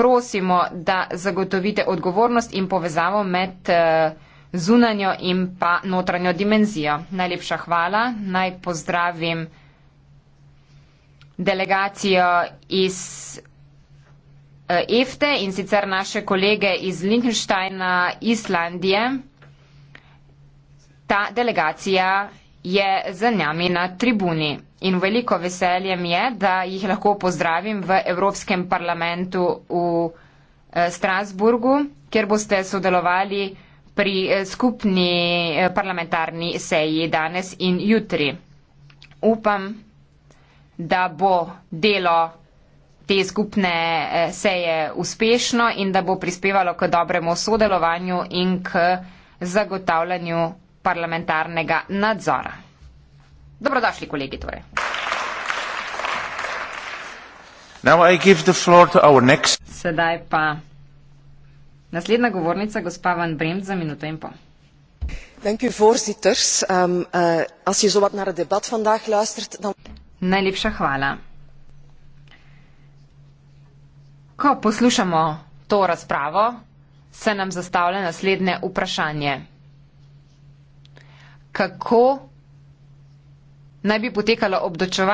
prosimo, da zagotovite odgovornost in povezavo med eh, zunanjo in pa notranjo dimenzijo. Najlepša hvala. Naj pozdravim delegacijo iz eh, EFTE in sicer naše kolege iz Lichtensteina, Islandije. Ta delegacija je z nami na tribuni. In veliko veseljem je, da jih lahko pozdravim v Evropskem parlamentu v eh, Strasburgu, kjer boste sodelovali pri eh, skupni eh, parlamentarni seji danes in jutri. Upam, da bo delo te skupne seje uspešno in da bo prispevalo k dobremu sodelovanju in k zagotavljanju parlamentarnega nadzora. Dobrodošli, kolegi. Torej. Next... Sedaj pa naslednja govornica, gospa Van Bremt, za minuto in pol. Dank u voorzitters. Um, ehm, uh, eh, als je zo wat naar het debat vandaag luistert, dan. Najlepša hvala. Ko poslušamo to razpravo, se nam zastavlja naslednje vprašanje kako naj bi potekalo obdočevanje.